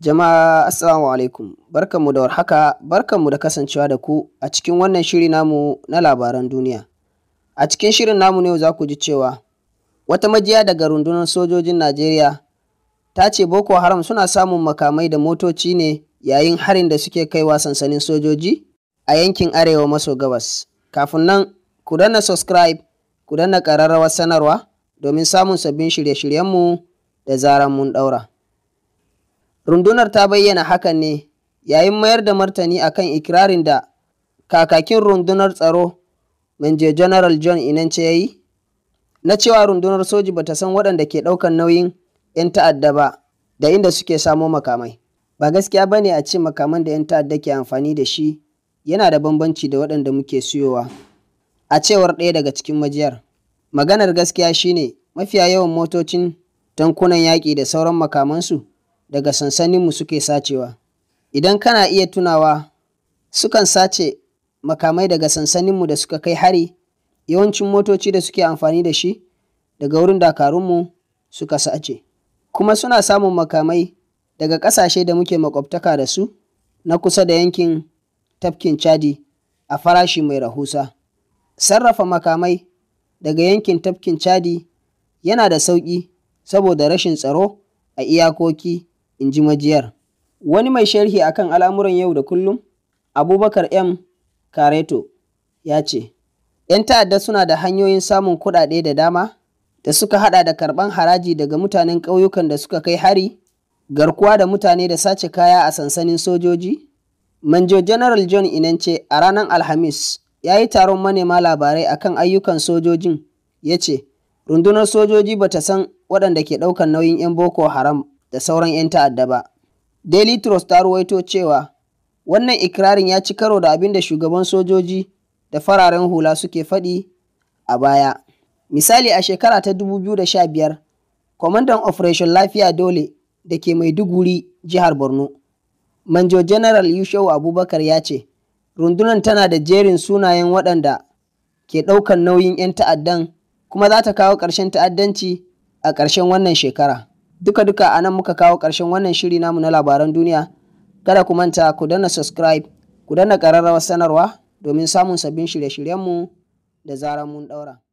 Jama'a Assalamu alaikum, barkanmu da warhaka, barkanmu da kasancewa da ku a cikin wannan shiri namu na labaran duniya. A cikin shirin namu ne za ku ji cewa wata majiya daga rundunar sojojin Najeriya ta ce Boko Haram suna samun makamai da motoci ne yayin harin da suke kaiwa sansanin sojoji a yankin arewa maso gabas. Kafin nan, ku danna subscribe, ku danna ƙararrawar sanarwa domin samun sabbin shirye-shiryenmu da zaran mun ɗaura. Rundunar ta bayyana hakan ne yayin mayar da martani akan ikirarin da kakakin rundunar tsaro Manje General John Inance ya yi na cewa rundunar soji bata san waɗanda ke ɗaukar nauyin 'yan ta'adda ba da inda suke samo makamai. Ba gaskiya ba ne a ce makaman da 'yan ta'adda ke amfani da shi yana da bambanci da waɗanda muke siyowa. A cewar ɗaya daga cikin majiyar, maganar gaskiya shine mafiya yawan motocin tankunan yaƙi da sauran makamansu daga sansaninmu suke sacewa. Idan kana iya tunawa, sukan sace makamai daga sansaninmu da suka kai hari, yawancin motoci da suke amfani da shi daga wurin dakarunmu suka sace. Kuma suna samun makamai daga ƙasashe da muke makwabtaka da su na kusa da yankin tafkin Chadi a farashi mai rahusa. Sarrafa makamai daga yankin tafkin Chadi yana da sauƙi saboda rashin tsaro a iyakoki in ji majiyar. Wani mai sharhi akan al'amuran yau da kullum, Abubakar M. Kareto, ya ce, ‘Yan ta'adda suna da hanyoyin samun kuɗaɗe da dama da suka haɗa da karɓan haraji daga mutanen ƙauyukan da suka kai hari, garkuwa da mutane da sace kaya a sansanin sojoji. Manjo General John Inance a ranar Alhamis ya yi taron manema labarai akan ayyukan sojojin ya ce, Rundunar sojoji bata san waɗanda ke ɗaukar nauyin 'yan Boko Haram da sauran 'yan ta'adda ba. Daily Trust ta ruwaito cewa wannan ikirarin ya ci karo da abin da shugaban sojoji da fararen hula suke faɗi a baya. Misali a shekara ta 2015, kwamandan Operation Lafiya Dole da ke Maiduguri, jihar Borno, Manjo General Yushau Abubakar ya ce, rundunar tana da jerin sunayen waɗanda ke ɗaukar nauyin 'yan ta'addan kuma za ta kawo ƙarshen ta'addanci a ƙarshen wannan shekara. duka-duka a nan muka kawo ƙarshen wannan shiri namu na labaran duniya kada ku manta ku danna subscribe ku danna ƙararrawar sanarwa domin samun sabbin shirye-shiryenmu da zarar mun ɗaura.